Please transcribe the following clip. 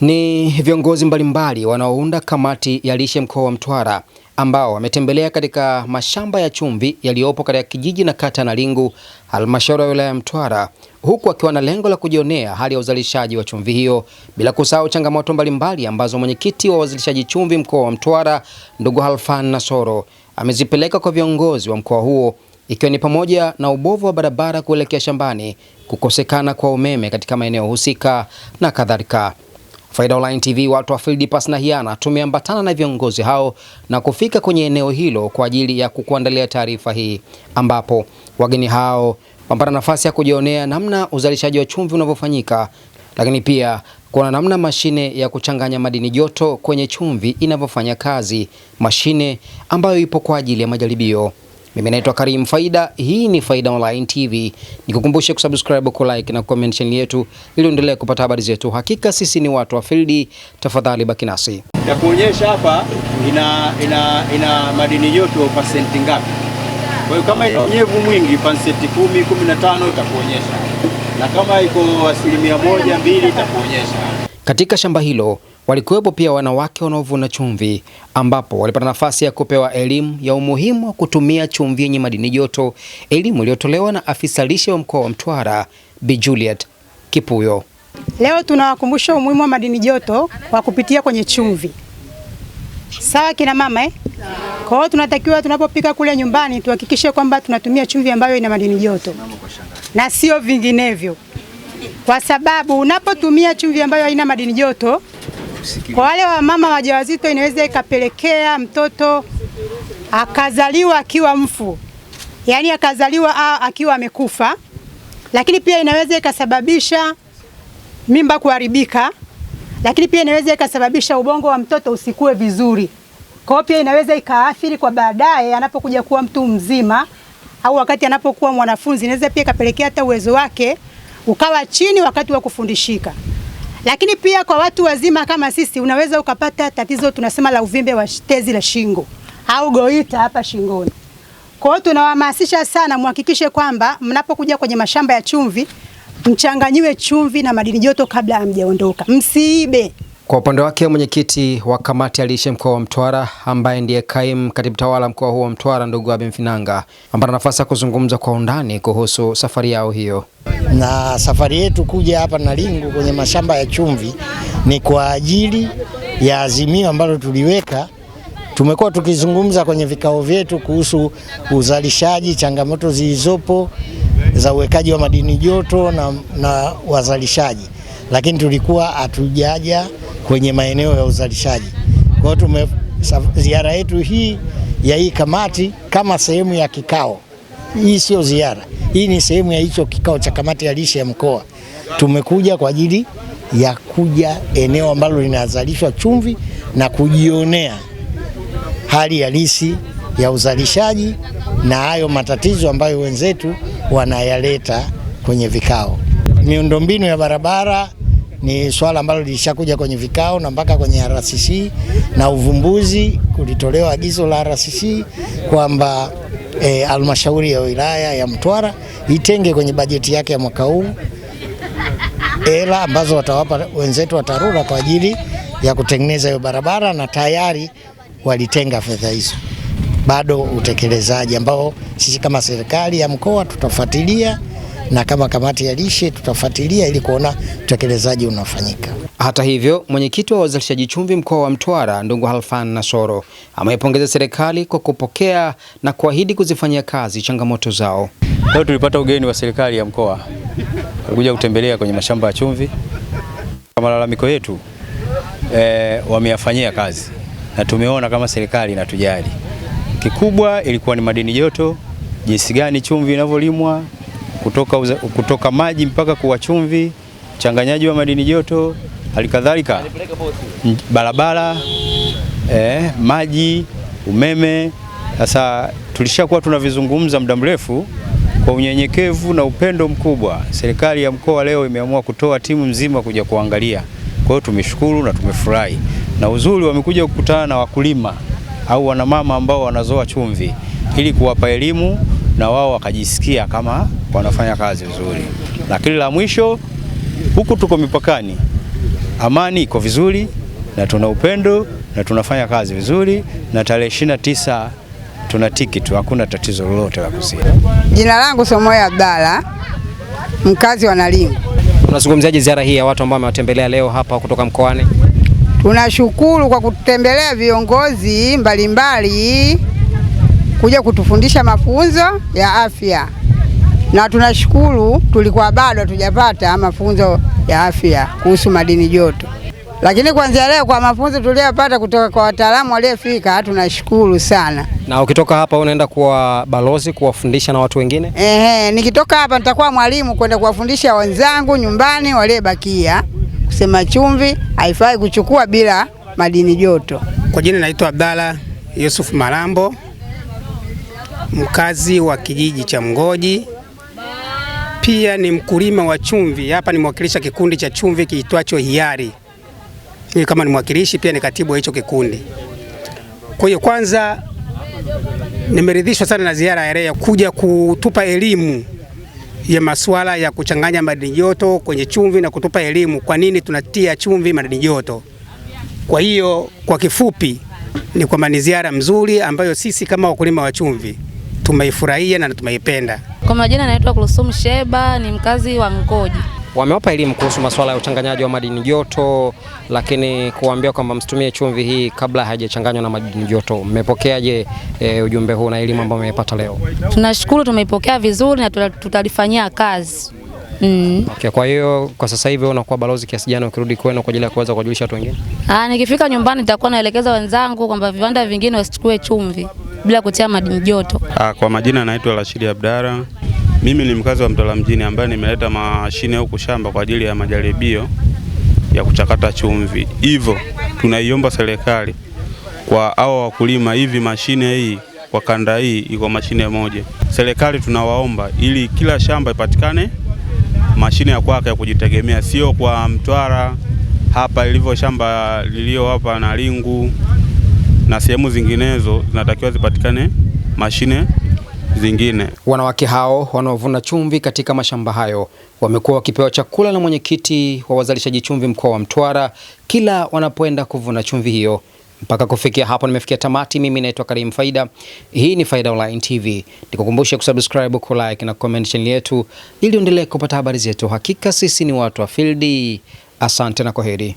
Ni viongozi mbalimbali wanaounda kamati ya lishe mkoa wa Mtwara ambao wametembelea katika mashamba ya chumvi yaliyopo katika kijiji na kata Nalingu, halmashauri ya wilaya ya Mtwara, huku akiwa na lengo la kujionea hali ya uzalishaji wa chumvi hiyo, bila kusahau changamoto mbalimbali ambazo mwenyekiti wa wazalishaji chumvi mkoa wa Mtwara ndugu Halfan Nasoro amezipeleka kwa viongozi wa mkoa huo ikiwa ni pamoja na ubovu wa barabara kuelekea shambani, kukosekana kwa umeme katika maeneo husika na kadhalika. Faida Online TV watu wa Field Pass na Hiana tumeambatana na viongozi hao na kufika kwenye eneo hilo kwa ajili ya kukuandalia taarifa hii, ambapo wageni hao wamepata nafasi ya kujionea namna uzalishaji wa chumvi unavyofanyika, lakini pia kuna namna mashine ya kuchanganya madini joto kwenye chumvi inavyofanya kazi, mashine ambayo ipo kwa ajili ya majaribio. Mimi naitwa Karim Faida, hii ni Faida Online TV. Nikukumbushe kusubscribe, ku like na comment channel yetu ili uendelee kupata habari zetu. Hakika sisi ni watu wa field, tafadhali baki nasi. Ya kuonyesha hapa ina, ina, ina madini joto pasenti ngapi? Kwa hiyo kama ina unyevu mwingi pasenti 10, 15 itakuonyesha, na kama iko asilimia moja mbili itakuonyesha. Katika shamba hilo walikuwepo pia wanawake wanaovuna chumvi ambapo walipata nafasi ya kupewa elimu ya umuhimu wa kutumia chumvi yenye madini joto, elimu iliyotolewa na afisa lishe wa mkoa wa Mtwara Bi Juliet Kipuyo. Leo tunawakumbusha umuhimu wa madini joto wa kupitia kwenye chumvi. Sawa kina mama eh? Kwa hiyo tunatakiwa tunapopika kule nyumbani tuhakikishe kwamba tunatumia chumvi ambayo ina madini joto na sio vinginevyo, kwa sababu unapotumia chumvi ambayo haina madini joto kusikiliza. Kwa wale wamama wajawazito, inaweza ikapelekea mtoto akazaliwa akiwa mfu, yaani akazaliwa akiwa amekufa, lakini pia inaweza ikasababisha mimba kuharibika, lakini pia inaweza ikasababisha ubongo wa mtoto usikue vizuri. Kwa hiyo pia inaweza ikaathiri kwa baadaye anapokuja kuwa mtu mzima au wakati anapokuwa mwanafunzi, inaweza pia ikapelekea hata uwezo wake ukawa chini wakati wa kufundishika. Lakini pia kwa watu wazima kama sisi, unaweza ukapata tatizo tunasema la uvimbe wa tezi la shingo au goita hapa shingoni. Kwa hiyo tunawahamasisha sana, muhakikishe kwamba mnapokuja kwenye mashamba ya chumvi mchanganyiwe chumvi na madini joto kabla hamjaondoka, msiibe. Kwa upande wake mwenyekiti wa kamati ya lishe mkoa wa Mtwara ambaye ndiye kaimu katibu tawala mkoa huo wa Mtwara, ndugu Abi Mfinanga, ambaye nafasi ya kuzungumza kwa undani kuhusu safari yao hiyo na safari yetu kuja hapa Nalingu kwenye mashamba ya chumvi ni kwa ajili ya azimio ambalo tuliweka. Tumekuwa tukizungumza kwenye vikao vyetu kuhusu uzalishaji, changamoto zilizopo za uwekaji wa madini joto na, na wazalishaji, lakini tulikuwa hatujaja kwenye maeneo ya uzalishaji. Kwa hiyo tume ziara yetu hii ya hii kamati kama sehemu ya kikao hii sio ziara, hii ni sehemu ya hicho kikao cha kamati ya lishe ya mkoa. Tumekuja kwa ajili ya kuja eneo ambalo linazalishwa chumvi na kujionea hali halisi ya uzalishaji na hayo matatizo ambayo wenzetu wanayaleta kwenye vikao. Miundombinu ya barabara ni swala ambalo lilishakuja kwenye vikao na mpaka kwenye RCC na uvumbuzi, kulitolewa agizo la RCC kwamba Eh, halmashauri e, ya wilaya ya Mtwara itenge kwenye bajeti yake ya mwaka huu hela ambazo watawapa wenzetu wa TARURA kwa ajili ya kutengeneza hiyo barabara, na tayari walitenga fedha hizo. Bado utekelezaji ambao sisi kama serikali ya mkoa tutafuatilia na kama kamati ya lishe tutafuatilia ili kuona utekelezaji unafanyika. Hata hivyo, mwenyekiti wa wazalishaji chumvi mkoa wa Mtwara, ndugu Halfan Nasoro, ameipongeza serikali kwa kupokea na kuahidi kuzifanyia kazi changamoto zao. Leo tulipata ugeni wa serikali ya mkoa, walikuja kutembelea kwenye mashamba ya chumvi. Malalamiko yetu e, wameyafanyia kazi na tumeona kama serikali inatujali. Kikubwa ilikuwa ni madini joto, jinsi gani chumvi inavyolimwa kutoka, kutoka maji mpaka kuwa chumvi, uchanganyaji wa madini joto halikadhalika barabara, eh, maji, umeme. Sasa tulishakuwa tunavizungumza muda mrefu. Kwa unyenyekevu na upendo mkubwa, serikali ya mkoa leo imeamua kutoa timu nzima kuja kuangalia. Kwa hiyo tumeshukuru na tumefurahi, na uzuri wamekuja kukutana na wakulima au wanamama ambao wanazoa chumvi ili kuwapa elimu na wao wakajisikia kama wanafanya kazi nzuri. Lakini la mwisho, huku tuko mipakani, amani iko vizuri na tuna upendo na tunafanya kazi vizuri, na tarehe ishirini na tisa tuna tiki tu, hakuna tatizo lolote la kusia. Jina langu Somoya Abdalla, mkazi wa Nalimu. Unazungumziaje ziara hii ya watu ambao wamewatembelea leo hapa kutoka mkoani? Tunashukuru kwa kututembelea viongozi mbalimbali mbali, kuja kutufundisha mafunzo ya afya na tunashukuru tulikuwa bado hatujapata mafunzo ya afya kuhusu madini joto, lakini kuanzia leo kwa mafunzo tuliyopata kutoka kwa wataalamu waliofika tunashukuru sana. Na ukitoka hapa unaenda kuwa balozi kuwafundisha na watu wengine? Ehe, nikitoka hapa nitakuwa mwalimu kwenda kuwafundisha wenzangu nyumbani waliobakia kusema chumvi haifai kuchukua bila madini joto. Kwa jina naitwa Abdalla Yusuf Marambo, mkazi wa kijiji cha Mgoji pia ni mkulima wa chumvi. Hapa ni mwakilisha kikundi cha chumvi kiitwacho Hiari. Mimi kama ni mwakilishi pia ni katibu wa hicho kikundi. Kwa hiyo kwanza, nimeridhishwa sana na ziara ya REA kuja kutupa elimu ya masuala ya kuchanganya madini joto kwenye chumvi na kutupa elimu kwa nini tunatia chumvi madini joto. Kwa hiyo kwa kifupi ni kwamba ni ziara mzuri ambayo sisi kama wakulima wa chumvi tumeifurahia na tumeipenda. Kwa majina naitwa Kulusum Sheba, ni mkazi wa Ngoji. Wamewapa elimu kuhusu masuala ya uchanganyaji wa madini joto, lakini kuambia kwamba msitumie chumvi hii kabla haijachanganywa na madini joto. Mmepokeaje e, ujumbe huu na elimu ambayo mmepata leo? Tunashukuru, tumeipokea vizuri na tutalifanyia kazi. Mm. Okay, kwa hiyo kwa sasa hivi unakuwa balozi kiasi gani ukirudi kwenu kwa ajili ya kuweza kuwajulisha watu wengine? Ah, nikifika nyumbani nitakuwa naelekeza wenzangu kwamba viwanda vingine wasichukue chumvi bila kutia madini joto. Ah, kwa majina naitwa Rashidi Abdara, mimi ni mkazi wa Mtwara mjini ambaye nimeleta mashine huku shamba kwa ajili ya majaribio ya kuchakata chumvi. Hivyo tunaiomba serikali kwa hao wakulima, hivi mashine hii kwa kanda hii iko mashine moja. Serikali tunawaomba ili kila shamba ipatikane mashine ya kwake ya kujitegemea, sio kwa Mtwara hapa ilivyo shamba lilio hapa na Lingu na sehemu zinginezo zinatakiwa zipatikane mashine zingine. Wanawake hao wanaovuna chumvi katika mashamba hayo wamekuwa wakipewa chakula na mwenyekiti wa wazalishaji chumvi mkoa wa Mtwara kila wanapoenda kuvuna chumvi hiyo. Mpaka kufikia hapo nimefikia tamati. Mimi naitwa Karim Faida, hii ni Faida Online TV. Nikukumbushe kusubscribe, ku like na comment channel yetu ili uendelee kupata habari zetu. Hakika sisi ni watu wa field. Asante na kwaheri.